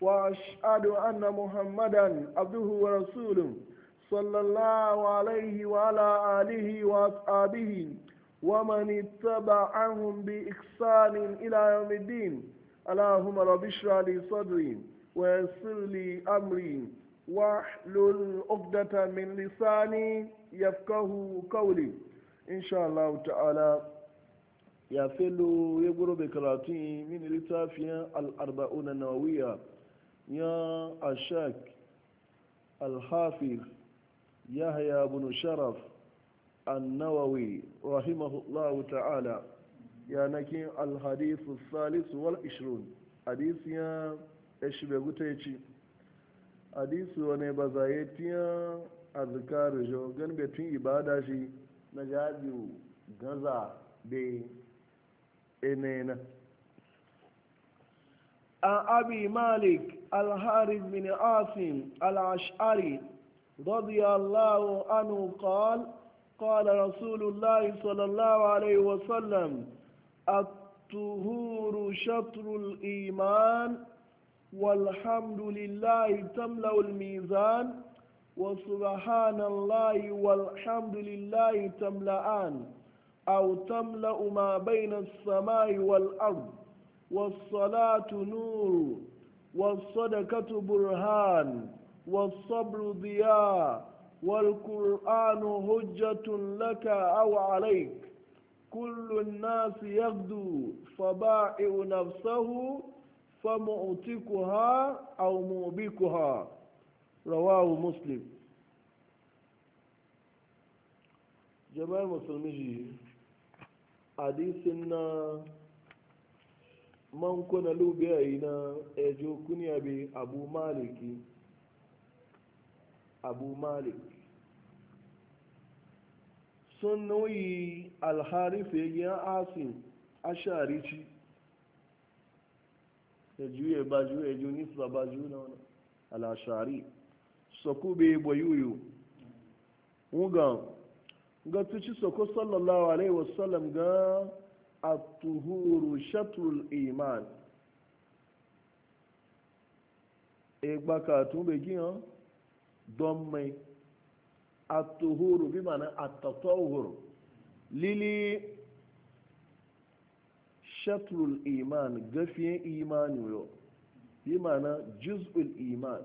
وأشهد أن محمدا عبده ورسوله صلى الله عليه وعلى آله وأصحابه ومن اتبعهم بإحسان إلى يوم الدين اللهم رب اشرح لي صدري ويسر لي أمري واحلل عقدة من لساني يفقه قولي إن شاء الله تعالى يا فلو يقرب كراتي من لتافيا الأربعون النووية ya ashak alhafir yahya bin sharaf annawawi rahimahullahu ta'ala ya nakin alhadisu salisu wal ishirun hadisi ya eshibe gutaici hadisi wane ba zaye tiya azkaru jo gan betun ibada shi na jabiu gaza be enena an abi الحارث بن عاصم الأشعري رضي الله عنه قال قال رسول الله صلى الله عليه وسلم الطهور شطر الإيمان والحمد لله تملأ الميزان وسبحان الله والحمد لله تملأان أو تملأ ما بين السماء والأرض والصلاة نور والصدقة برهان والصبر ضياء والقرآن هجة لك أو عليك كل الناس يغدو فبائع نفسه فمعتقها أو موبكها رواه مسلم جماعة مسلمين حديثنا man kuna lubiya yi na ejo kuniya bi abu maliki abu malik sun nauyi alharife ya asin asharici ya juye ba juye ju nisa ba na wani alashari soko bai bayuyu wugan ga tuci soko sallallahu alaihi wasallam ga atuhuru shatrul iman egba tun be giyan don mai atuhuru bi mana atatawhuru lili shatrul iman gafiyan imani yo bi mana juz'ul iman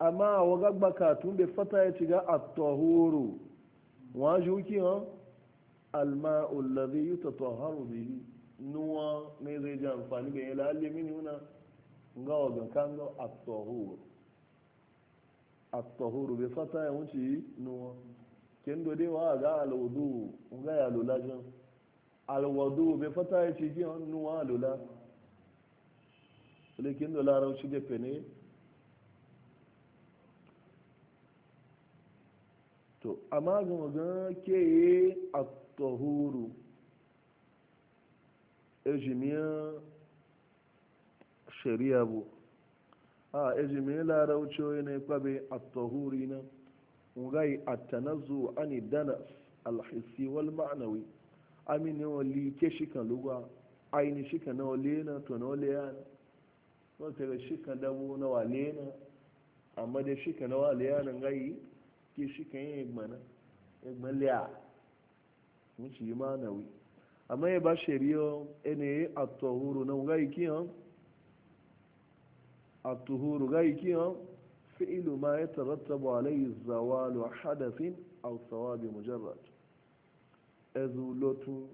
amma wa gagba katun bai fata ya shiga a tahuru wa ji huki ha alma'ul ladhi yutataharu bihi nuwa mai zai ji amfani bai lalle mini una ga wa ga kan ga a tahur a tahur bai fata ya wuce nuwa kin do dai wa ga al-wudu ga ya lula jan al-wudu bai fata ya ciga nuwa lula lekin do larau shi da fene to amma ga magana ke yi a tahuru ejimiyar shari'a bu a ejimiyar larauciyoyi na ikpabe a tahuri na ngai a tanazu ani danas alhisi wal ma'anawi amini wali ke shika lugwa aini shika na wale na to na wale yana wata ga shika damu na wale na amma da shika na wale na ngai ke shi kan yin egba na egba liya amma ya ba ene a na ga iki han a tohuru ga iki han fi'ilu ma ya tarattabu alayhi zawalu hadathin aw sawabi mujarrad ezulotu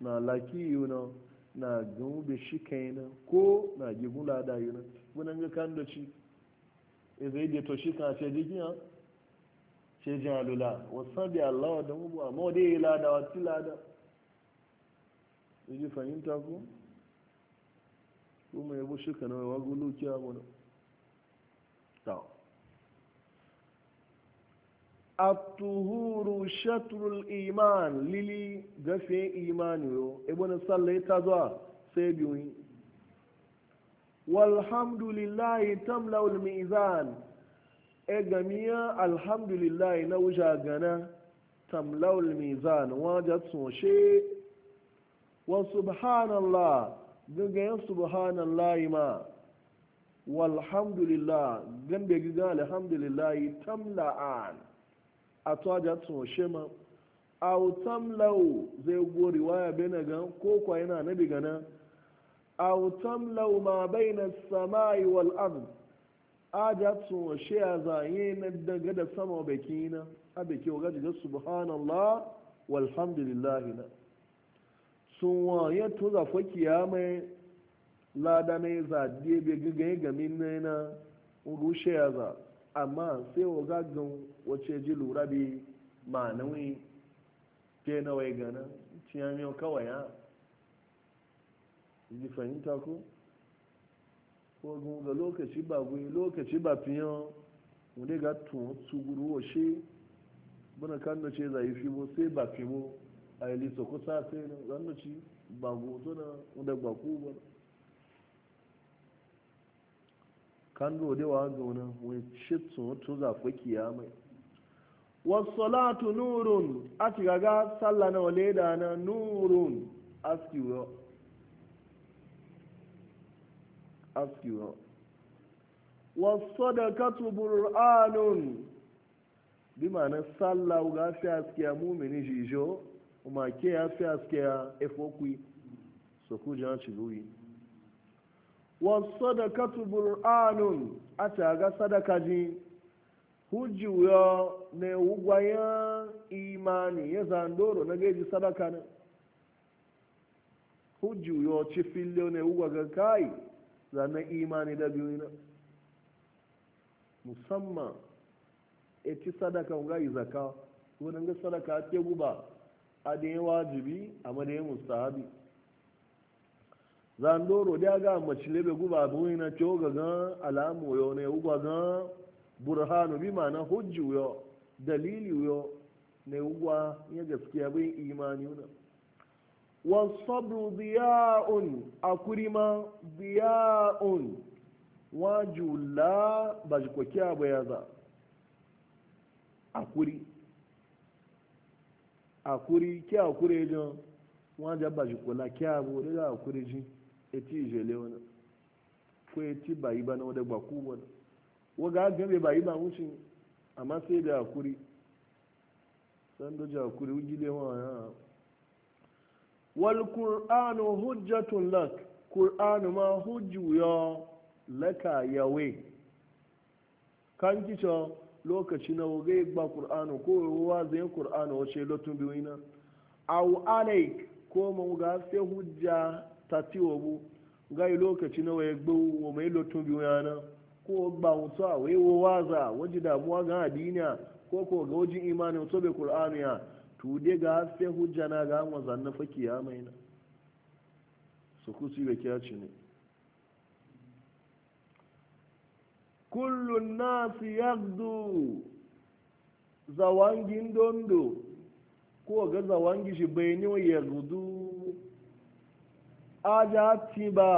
na laki yuna na gumbe shi kaina na gibula na yuna bunan ga kan da ci e zai to kan ce jin alula wasan da allawa da mubu ma wadda ya yi lada wata lada yi fahimta ko kuma ya bushe ka nawa gulu kiya wani ta atuhuru shatrul iman lili gafe imani yo ibn sallai ta zuwa sai biyu walhamdulillahi tamlaul mizan e gamiya alhamdulillah na wuja gana tamlaul mizan wajen tsoshe wa subhanallah gangayen subhanallah ma walhamdulillah gambe giga alhamdulillah tamla'an a tsawajen tsoshe ma au tamlau zai gori waya bena gan ko kwa yana nabi gana au tamlau ma bai na wal ardh aja wa shi a zaye na daga da sama baki na abiki baki wa gaji subhanallah walhamdulillah na sun waye to za fa kiyama lada ne za die bai gaga gami na na rushe ya za amma sai wa gagan wace ji lura bi ma nawi ke na wai gana ciyamiyo kawai ya ji fahimta ko ko ga lokaci ba gwi lokaci ba fiyan wani ga tun tsuguru wa shi bana kan da ce zai fi bo sai ba fi bo a yi lisa sa sai ne zan ci ba gozo na wanda ba ku ba kan da wade wa gauna wani shi tun tun zafi kiyamai wasu nurun a ga sallah na wale da na nurun askiwa askiwa wasadakatu burhanun bi ma'ana sallah ga fi askiya mumini jijo ma ke ya fi askiya efokwi so ku jan ciluyi wasadakatu burhanun a ga sadaka ji hujju ya ne wugwayen imani ya zandoro na gaji sadaka na hujju ya ci filiyo ne ga kai zanen imani da biyu na musamman e ci sadaka ga yi zaka wani ga sadaka ke guba a da yi wajibi a Za mustahabi zandoro da ga mace lebe guba biyu na ce ga gan alamu yau ne ugwa gan burhanu bi ma na hujju yau dalili yau ne ugwa ya gaskiya bin imani yau والصبر ضياء أكرم ضياء وجلا بجكوكيا بيضا أكري أكري كي أكري جن وجا بجكولا كي أبوري لا أكري جن eti ijele wani ko eti bayi ba na wadda bayi wal qur'anu hujjatun lak qur'anu ma hujju ya laka yawe kan kicho lokaci na wogai gba qur'anu ko wa zai qur'anu wace lotun biwina aw alaik ko mu ga sai hujja tatiwo bu gai lokaci na waye gbo wa mai lotun biwina ko ba mutu a wai waza waji damuwa ga adiniya ko ko ga wajin imanin sobe qur'anu ya tude ga sai hujja na ga mu zanna faki ya mai na su kusi ne kullun nasi yagdu zawangin dondo ko ga zawangi shi bai ne wa yagdu aja tiba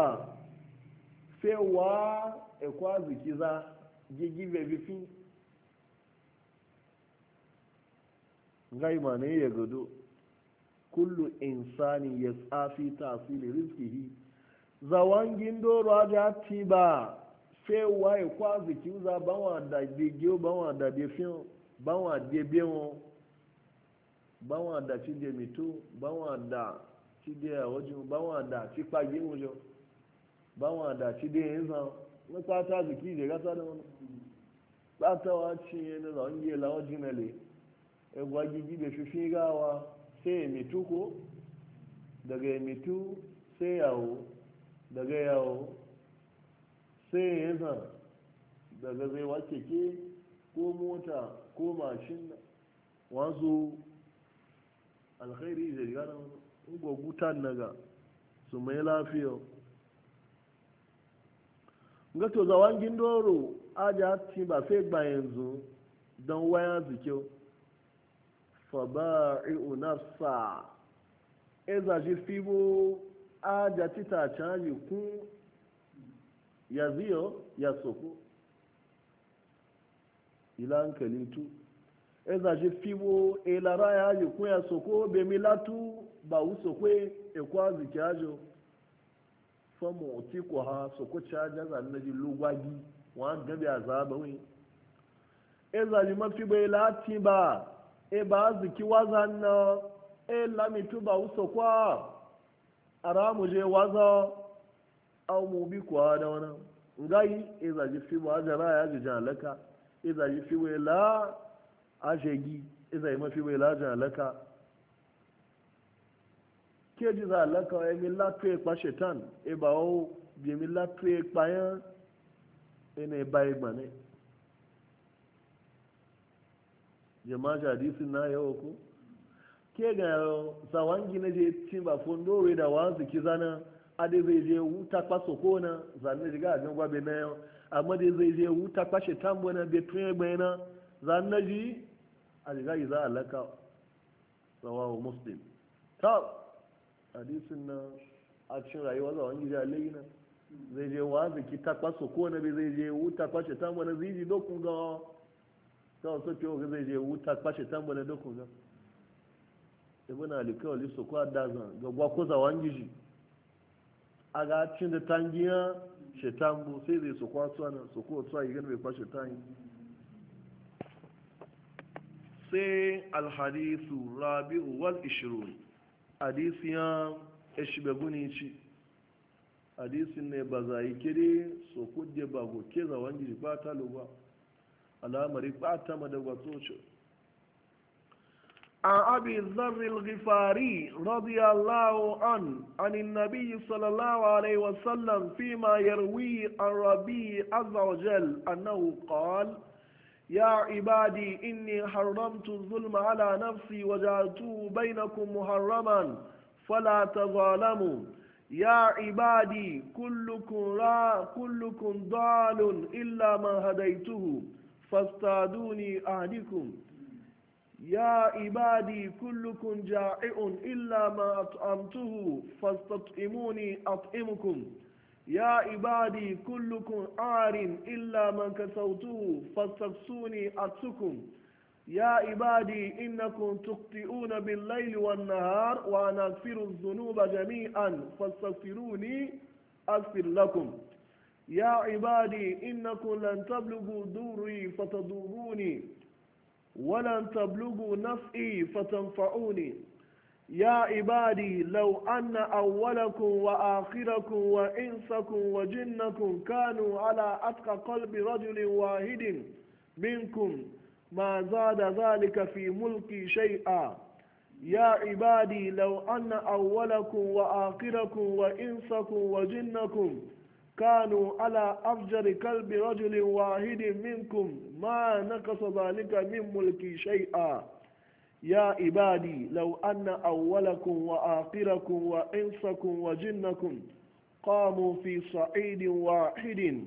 sai wa ekwazi kiza gigibe fi ngai mane ya gado kullu insani ya tsafi tasiri rizkihi zawangin doro aja ti ba fe waye kwa ziki za bawa da gege bawa da defin bawa debe won bawa da ti de mito bawa da ti de ojo da ti pa ye ojo da ti de enza ta ziki egwagigi da shushi gawa sai ya mitu ko daga ya mitu sai yawo daga yawo sai ya yasa daga zai wace ke ko mota ko mashin wasu alkhairi zai gana gwagwutan naga su mai lafiya ga to zawon gindoro aja ti ba sai gba yanzu don waya zikiyo faba'i'u nafsa eza ji fibo aja tita canji kun ya ziyo ya soko ila hankali tu eza ji fibo elara ya ji kun ya soko bemi latu ajo ha soko caja zanen ji lugwagi wọn gabi azaba wi eza ji mafi bai lati ba e ba ziki wazan na e lamitu ba wuso kwa aramu je waza au mu bi kwa da wana ngai e za ji fi ba jara ya ji jalaka e za ji fi wela ashegi e za yi mafi wela jalaka ke ji jalaka e mi latu e pa shetan e ba o bi mi latu e pa yan e ne ba e gbane jama'a hadisin na yawo ko ke ga zawangi ne je cin ba fondore da wazi kizana ade zai je wuta kwaso kona zanne diga ga gangwa be na yau amma dai zai je wuta kwashe tambo na be tun egbe na zanne ji ade ga yi za a laka muslim ta hadisin na a cikin rayuwa zawangi da alayi na zai je wanzu ki ta kwaso kona be zai je wuta kwashe tambo na zai ji dokun gawa kawai so ke oge zai je wuta kwashe tamba na doko ga ibn ali kawai liso kwa dazan ga gwa ko za ji a ga cin da tangiya shetan bu sai zai so kwa tsuwa so ko tsuwa yi gani bai kwashe tangi sai alhadisu rabi'u wal ishirun hadisiyan ishbeguni ci hadisin ne ba za yi kiri so kudde ba goke za ji ba lo ba al'amari ɓata madagwato ce عن أبي ذر الغفاري رضي الله عنه عن النبي صلى الله عليه وسلم فيما يروي عن ربي عز وجل أنه قال يا عبادي إني حرمت الظلم على نفسي وجعلته بينكم محرما فلا تظالموا يا عبادي كلكم را كلكم ضال إلا ما هديته fastaduni ahdikum ya ibadi kullukum ja'i'un illa ma at'amtuhu fastat'imuni at'imukum ya ibadi kullukun arin illa man kasawtuhu fastaksuni atsukum يا عبادي إنكم تخطئون بالليل والنهار وأنا أغفر الذنوب جميعا فاستغفروني أغفر لكم يا عبادي إنكم لن تبلغوا دوري فتضروني ولن تبلغوا نفعي فتنفعوني يا عبادي لو أن أولكم وآخركم وإنسكم وجنكم كانوا على أتقى قلب رجل واحد منكم ما زاد ذلك في ملكي شيئا يا عبادي لو أن أولكم وآخركم وإنسكم وجنكم كانوا على أفجر كلب رجل واحد منكم ما نقص ذلك من ملكي شيئا يا عبادي لو أن أولكم وآخركم وإنسكم وجنكم قاموا في صعيد واحد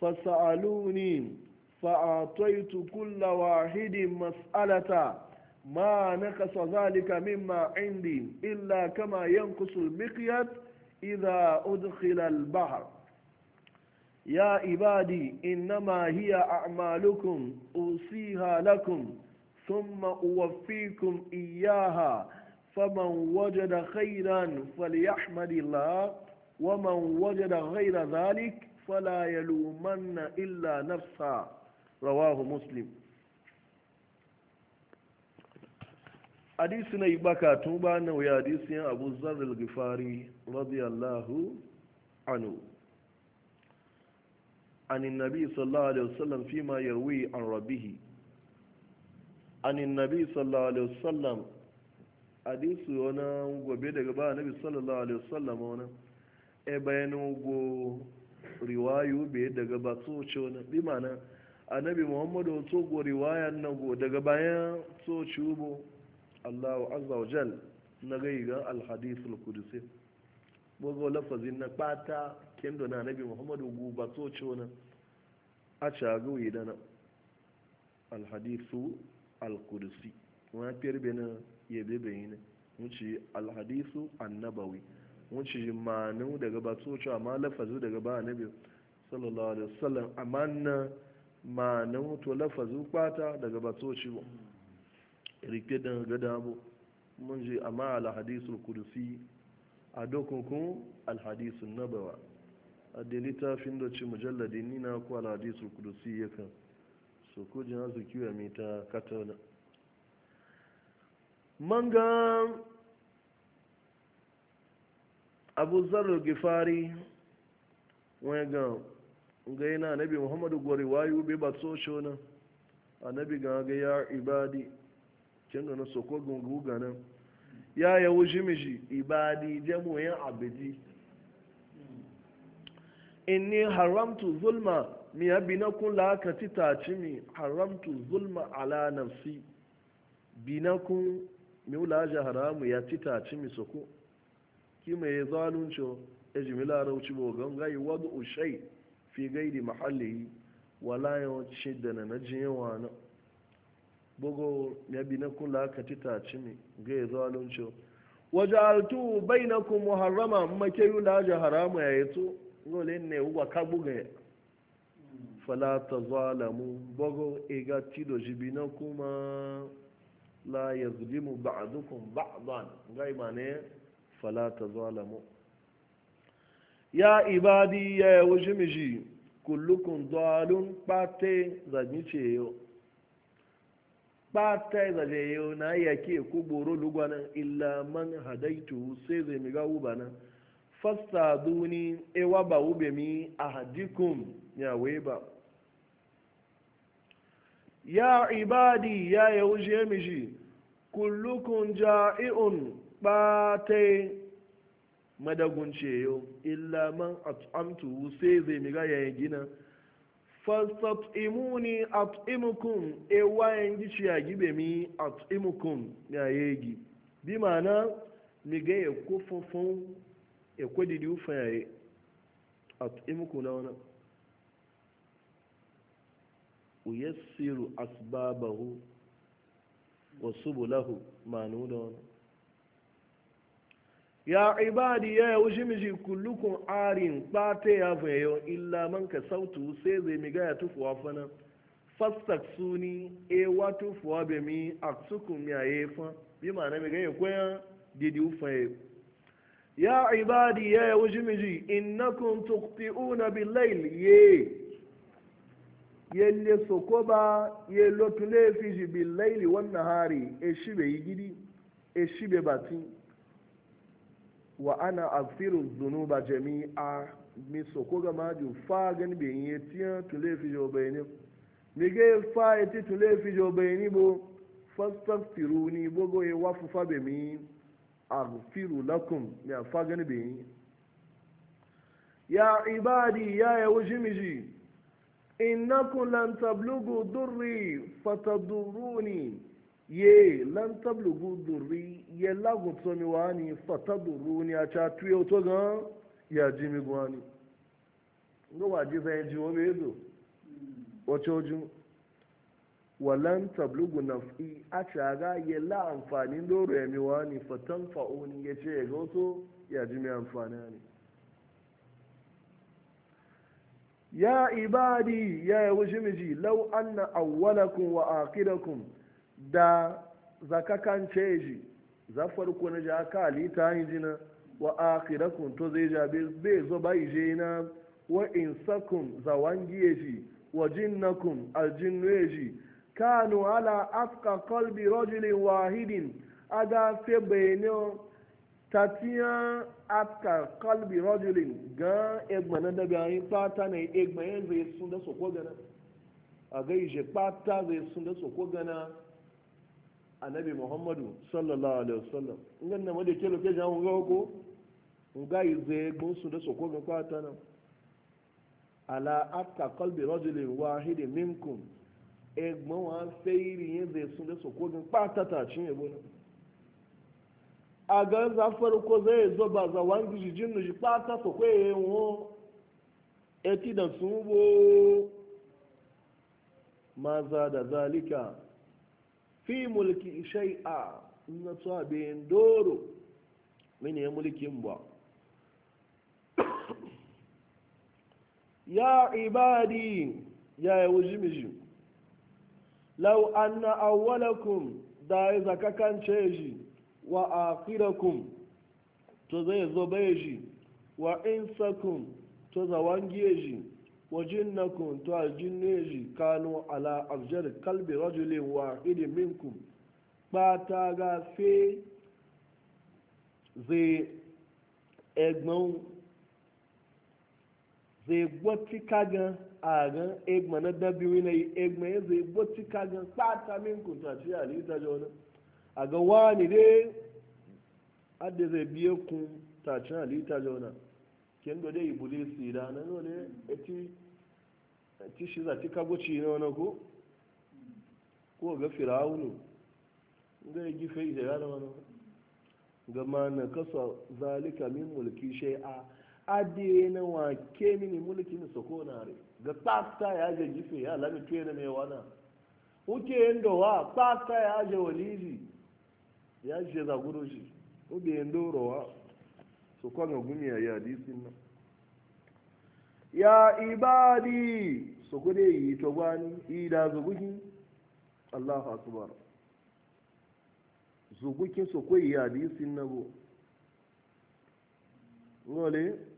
فسألوني فأعطيت كل واحد مسألة ما نقص ذلك مما عندي إلا كما ينقص المقيت إذا أدخل البحر يا عبادي إنما هي أعمالكم أوصيها لكم ثم أوفيكم إياها فمن وجد خيرا فليحمد الله ومن وجد غير ذلك فلا يلومن إلا نفسه رواه مسلم حديثنا يبكى توبة نوي حديث أبو ذر الغفاري رضي الله عنه عن النبي صلى الله عليه وسلم فيما يروي عن ربه عن النبي صلى الله عليه وسلم حديث وانا daga ba nabi sallallahu alaihi wasallam wana e bayanu go riwayu be daga ba so ce wana bi mana annabi muhammadu to go riwayan nan go daga bayan so ci Allahu azza wa na ga al hadith al lafazin na pata kendo na nabi muhammadu guba so cona a cago yi dana alhadisu alkudusi wani firbe na yabe ne wuce alhadisu annabawi wuce manu daga ba so cewa ma lafazu daga ba nabi sallallahu alaihi wasallam amma na manu to lafazu kwata daga ba so cewa rike da gada bu mun je amma alhadisu alkudusi a dokokun alhadisun nabawa a ta littafin da ce mujalladi ni na kwala hadisul kudusi ya kan so ko jina su kiwa mai ta katana manga abu zarar gifari wani ga ga yana nabi muhammadu gwari wayu bai ba so shona anabi ga ga ya ibadi kin ga na soko gungu ga nan ya yawo jimiji ibadi jamu yan abidi inni haramtu zulma mi yabi na la laka tita ci mi haramtu zulma ala nafsi bi kun mi haramu ya tita ci mi soko ki mai zalunci ya ji mi ba bogon gai wadu ushai fi gaidi mahalli wala yawanci da na na jiyewa na bugu ya bi na kun laka tita ci mi gai zalunci waje altu bai na kun muharrama amma wulaja haramu ya yi to ngole ne ka kabuge fala tazalamu bogo ega tido jibina kuma la yazlimu ba'dukum ba'dan ngai mane fala tazalamu ya ibadi ya wujimiji kullukum dalun pate zaniche yo pata zaje yo na yake kuboro lugwana illa man hadaitu sai zai miga ubana fasaduni ewa ba wube mi ahadikum ya weba ya ibadi ya yaushe miji kullukun ja'i'un batai madagunce yau illa man at'amtu sai zai ga yayin gina imuni at'imukum ewa gici ya gibe mi at'imukum ya yegi bi ma'ana ga ya kufufun ya kwadi e, di ufa yayi a muku na wani uyassiru asbabahu wa subulahu manu da wani ya ibadi ya yi wuce miji kullukun arin ɓata ya fayayo illa man ka sautu sai zai miga ya tufuwa fana fastak suni e wa tufuwa be mi a ya yaye fa bi ma na miga ya kwaya didi ufa yayi e. ya ibadi ya yawo jimiji innakun tukti'una billail ye yelle sokoba ye lotule fiji billaili wan nahari e shibe yigidi e shibe bati wa ana aghfiru dhunuba jami'a mi sokoga maju fagan be yetiya tule fiji obeni mi ge fa eti tule fiji obeni bo fastaghfiruni bogo e wafu be mi aghfiru lakum ya fagan be ya ibadi ya yawjimiji innakum lan tablughu durri fatadurruni ye lan tablughu durri ye lagu tsomi wani fatadurruni a cha tuyo to gan ya jimi gwani ngo waji zai ji be do o walan tablugu naf'i a caga ya la amfani doro ya miwa ni fatan fa'oni ya ce ya goto ya ji mai amfani ne ya ibadi ya yi wuce miji lau anna awwalakum wa akidakun da zakakan ceji za farko na ja ka yi jina wa akidakun to zai ja bai zo bai je na wa insakum zawangiye ji wa jinnakun aljinnu ji kanu ala afka kalbi rojili wahidin aga febe ne tatiya afka kolbi rojilin ga egbe na dabi pata na egbe yin zai sun da gana a ga ije pata zai sun da soko gana annabi muhammadu sallallahu alaihi wasallam na made kelo ke jan ga nga da ẹgbọ́n wa fẹ́ẹ́rì yẹn zai sun da sokogin pátátà cin yabo na a ga za farko zai zo ba za wangi jijin nuji pátá sokwe ya wọn eti da sun bo maza da zalika fi mulki shai'a na bayan doro mini ya mulkin ba ya ibadi ya yi wujimijin lau anna awwalakum da ya zaka kance shi wa akhirakum to zai zo shi wa insakum to zawangiye shi wa jinnakum to aljinne shi kanu ala abjar kalbi rajulin wahidin minkum bata ga fi zai egbon. zai gwati kagan a ran egma na dabiwi na yi egma ya zai gwati kagan kpata min kunta ci halitta jona a ga wani dai adda zai biye kun tacin jona kin do dai ibuli sida na no ne eti eti shi za ti kago ci na wani ko ko ga firawunu ga yi gife da yana ga gama na kasa zalika min mulki adiye na wa ke mini mulkin sokonare ga tsasta ya ga gife ya lami tuye mai wana uke yendo wa tsasta ya ga walili ya je za guru shi ubi yendo rowa so kwa ga gumi ya ya disin na ya ibadi so ko dai yi to gwani ida zuguki Allahu akbar zugukin so ko ya disin na bụ. ngole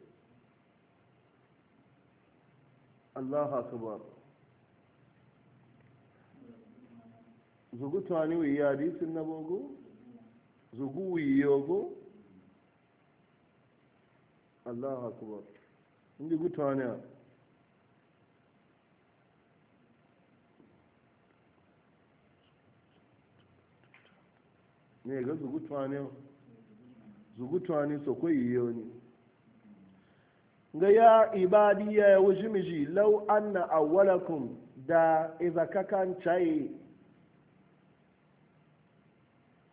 allahu akbar zugu tani wi ya hadisin na bogo zugu wi yogo allahu akbar ndi gutana ne ga zugu tani zugu tani so ko yi ne ga ya ibadi ya wuji miji lau na awalakun da izakakan caye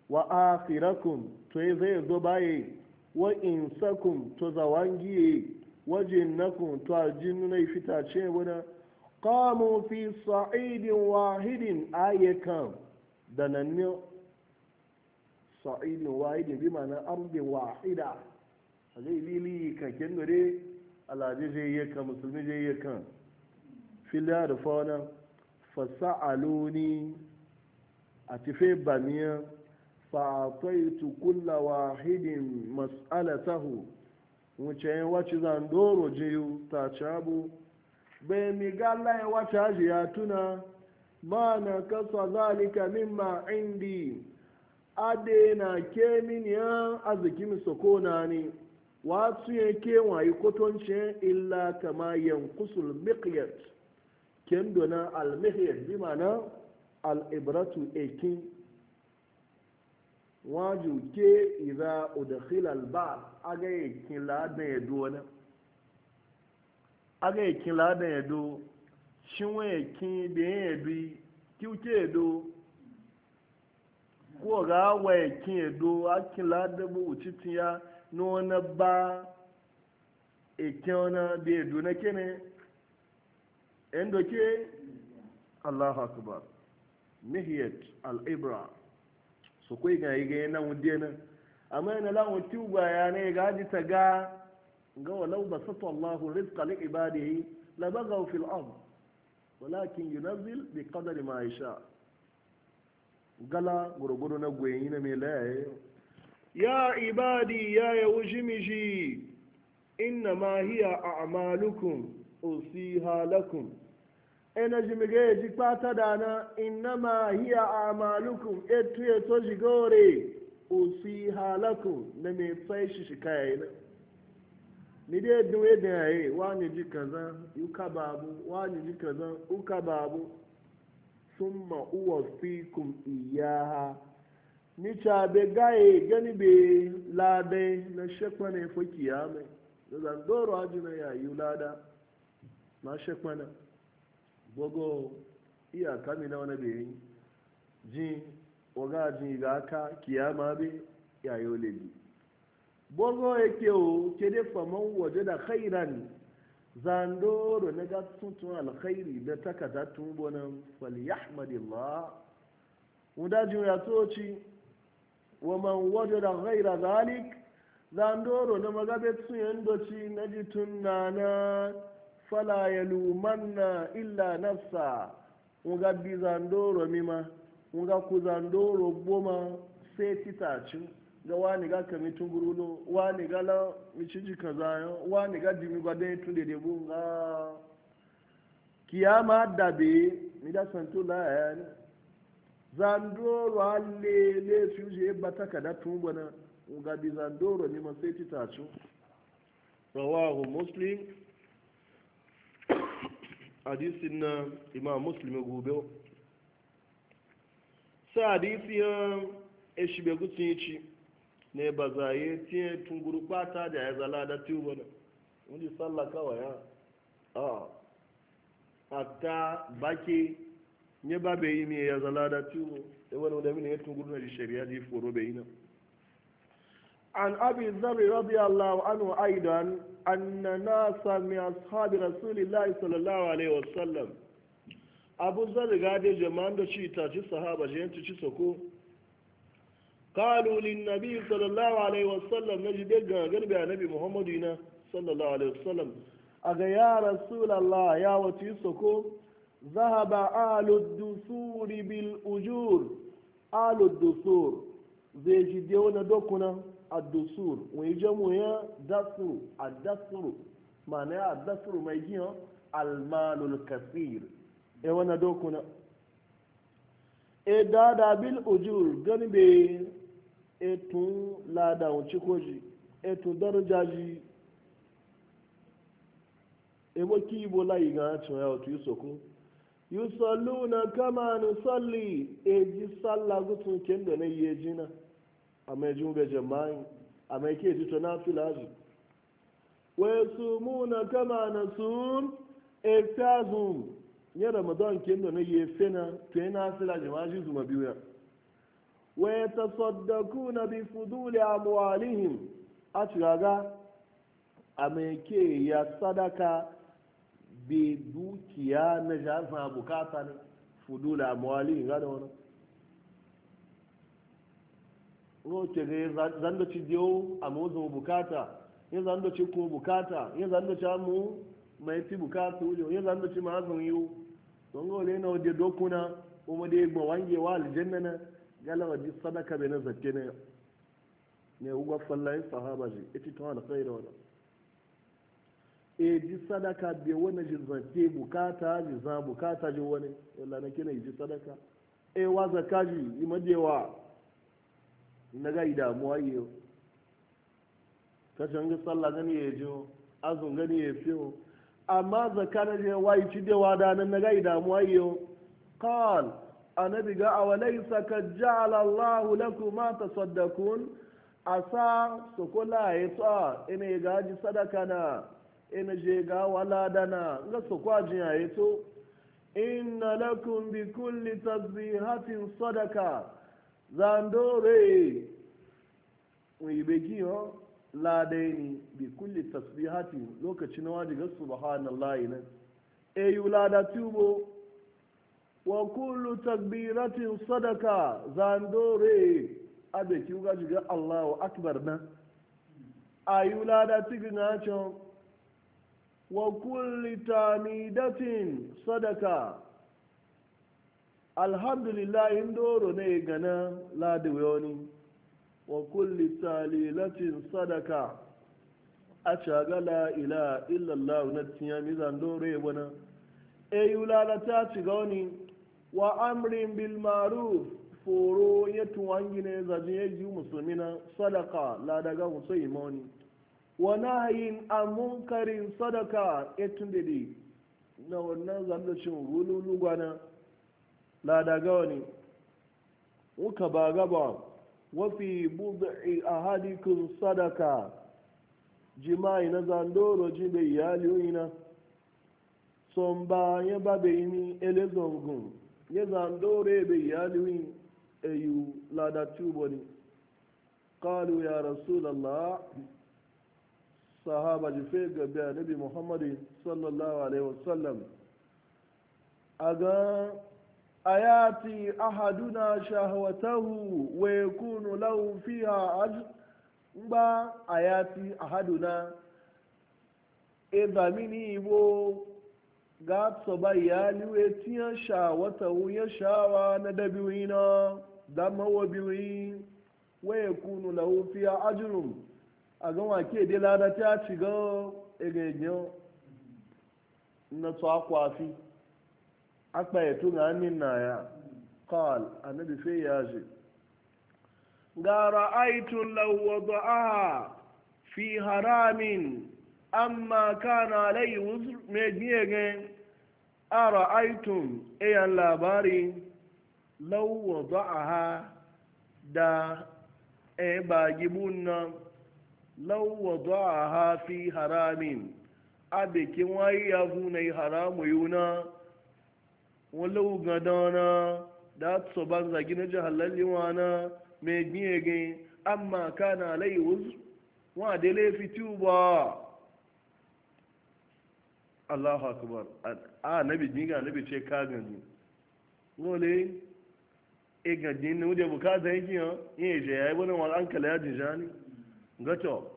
wa akhirakum to zai zo baye wa insakum to zawangiye wa jinnakun to yi fita ce wuna qamu fi sa'idin wahidin ayyakan da nan ne sa'idin wahidin bi ma'ana ardi wahida zai lili kakin dore alhaji zai yi kan musulmi zai yi kan filiya da fauna fasa'aluni a tafe bamiya fa'ataitu kulla wahidin mas'alatahu wuce zan doro jiyu ta cabu bai mi yin wacce haji ya tuna ma na kasa zalika mimma indi ade na ke min ya arziki mi sokona ne wasu yake wayi kotonce illa kama yankusul miqyat kendo na almihir bi mana al'ibratu ekin waju ke iza udkhil alba'd aga yakin ladan do na aga yakin ladan yado shin wa yakin da yado ya do ko ga wa yakin yado akin ladan bu ucitiya na ba ike wani bai duna kene yan doke allahu akbar mihiyat al'ibra su kai ga yi ganye nan wude nan amma yana lawon tuba ya ne ga ji ta ga ga walau ba sato allahu rizqa li ibadihi la bagaw fil ard walakin yunazzil bi qadari ma isha gala gurgudu na yi na mai layaye ya ibadi ya yawushi mishi inna ma hiya a'malukum usiha lakum ena jimige ji kpata dana inna ma hiya amalukun etu eto jigore osi halakun na mai tsaye shi shi kai na ni dai dun yadda yayi wani ji kaza yuka babu wani ji kaza uka babu summa uwafikum iyaha nica be gaye gani be lade na shekwana fo kiyame da doro ajina ya yi lada na shekwana bogo iya kami na wani bayan jin oga jin ga aka kiyama be ya yi olebi bogo e ke o kede faman waje da khairan doro na ga tuntun alkhairi da takata tumbonan falyahmadillah wanda jin ya toci wa man wajada ghaira zalik zandoro na magabe tsuyen doci na jitun na na fala ya lumanna illa nafsa nga bi zandoro mima nga ku zandoro boma sai titaci ga wani ga kami tungurulo wani ga la miciji kaza yo, wani ga dimi gwade tunde de bunga kiyama dabe ni da santu la yani zandoro alle ne su je bata kada tubana ga bi zandoro ni ma sai ta ci rawahu muslim hadisin na imam muslim gobe sa hadisi ya eshibe gutsin ci ne ba yi tiye tunguru kwata da ya zala da na wani sallah kawai ya a ah. ta baki nye ba bai yi miye ya zala da tiwo e da wani da mini ya gudu na shari'a ji foro bai yi nan an abi zarri wa anu aidan na nasa min ashabi rasulillahi sallallahu alaihi wasallam abu zarri gade jama'an da shi ta ci sahaba je yanci ci sako قالوا للنبي صلى الله عليه وسلم نجد قلبي على نبي محمد صلى الله عليه وسلم أغا يا رسول الله يا وتي سكو ذهب آل الدثور بالأجور آل الدثور zai ji dai wani dokuna a dusur wani jamu ya dasuru a dasuru ma'ana ya dasuru mai jiyan almalul kasir e wani dokuna e dada bil ujur gani be e tun lada wuce koji e tun daraja ji e yusalluna kama nusalli eji sallah gutun kendo ne na amma ji mu ga jama'i amma ke ji to nafila ji wa yasumuna kama nasum eftazum ya ramadan kendo ne yefena to ina sala jama'a ji zuma biyu ya wa na bi fuduli amwalihim atiraga amma ke ya sadaka be dukiya na jafa bukata ne fudula amwali ga da wani roke ga zanda ci diyo a mozin bukata ya zanda ci ko bukata ya zanda ci amu mai ti bukata ujo ya zanda ci yiwu don ga wale na waje dokuna kuma da ya gba wangewa aljanna na gala waje sadaka bai na zakke ne ne ugwa fallayin sahaba shi ita ta wani tsaye da wani e ji sadaka bai wani ji bukata ji za bukata ji wani yalla na kina ji sadaka e wa zaka ji majewa na ga damuwa yi kashin ga gani ya ji azun gani ya fi amma zaka na je wa ci dewa da nan na ga damuwa yi a annabi saka awalaysa ka ja'ala Allahu lakum ma a sa sokola ya sa ina ga gaji sadaka na ina je ga wala dana nga so kwa jin aye to inna lakum bi kulli tasbihatin sadaka zandore wi be ki ho la ni bi kulli tasbihatin lokacin waji ga subhanallahi nan e yulada tubo wa kullu takbiratin sadaka zandore abe ki ga Allahu akbar nan ayula da tigna na wa kulli tamidatin sadaka alhamdulillah in doro ne gana ladi wani wa kulli salilatin sadaka a caga la ila illallah na tiya mizan doro ya wana e yulalata ci ga wani wa amrin bil maruf foro ya tuwangi ne zaje ya ji musulmina sadaka la daga musulmi wa nahayin an munkarin sadaka etun dede na wannan zandacin rululu gwana ladaga wani wuka ba gaba wafi buɗe a hadikun sadaka jima'i na zandoro jin da iyali ina son ba ya ba bai yi ni elezongun ya zandore bai iyali eyu ladatu bani Kalu ya رسول الله sahaba ji fe gabi a nabi muhammadu sallallahu alaihi wasallam a ga ayati ahaduna shahawatahu wa yakunu lahu fiha ajr ba ayati ahaduna e zamini ibo ga ba ya liwe shawata wu ya shawa na dabiwina da mawabiwi wa yakunu lahu fiha ajrun a ga wake dai lada ta ci e ga na to akwafi akpa etu ga anin na ya qal annabi sai ya ji gara ra'aytu law wada'aha fi haramin amma kana alayhi wuzr me giyege ara aitum eyan labari law wada'aha da e ba lauwado a hafi haramin a bekin wayi ya hunai haramu yuna wala gadana da so ban zagi na wana mai gbiyege amma kana lai wuz wa da fi tuba Allahu akbar a nabi jinga nabi ce ka gani wole e ne wuje bukata yake yan yin je yayi wani wal ya ya jijani gato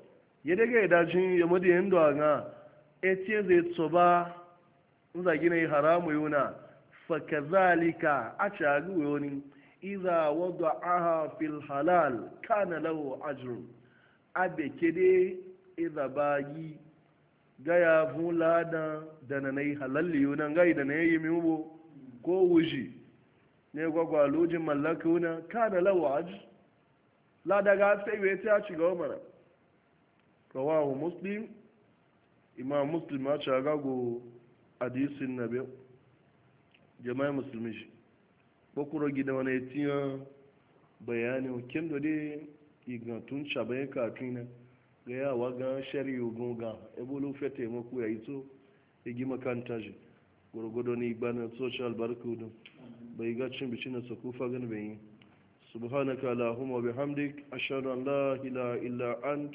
yadda ga ya dajin ya mada yin dawa ga ce zai tsoba zagi na yi haramu yuna zalika a cagu yoni iza wadda aha fil halal kana a ajrun abe kede iza bagi gaya fun da da na yi halalli yunan gai da na yi mimbo ko wuji ne gwagwa lojin mallaka yuna kana lahu ajrun ladaga sai wete a shiga wa mara rawahu muslim imam muslim ya ci agago hadisin na biyu jama'i musulmi shi gida wani tiyan bayani kin da dai igantun cabayin katrina ga yawa ga shari'u gunga ebolo fete maku ya iso. igi makanta shi gwargwado ni igbanin social barcode bai ga cin bici na sakufa gan bayi subhanaka allahumma bihamdik ashhadu an la ilaha illa ant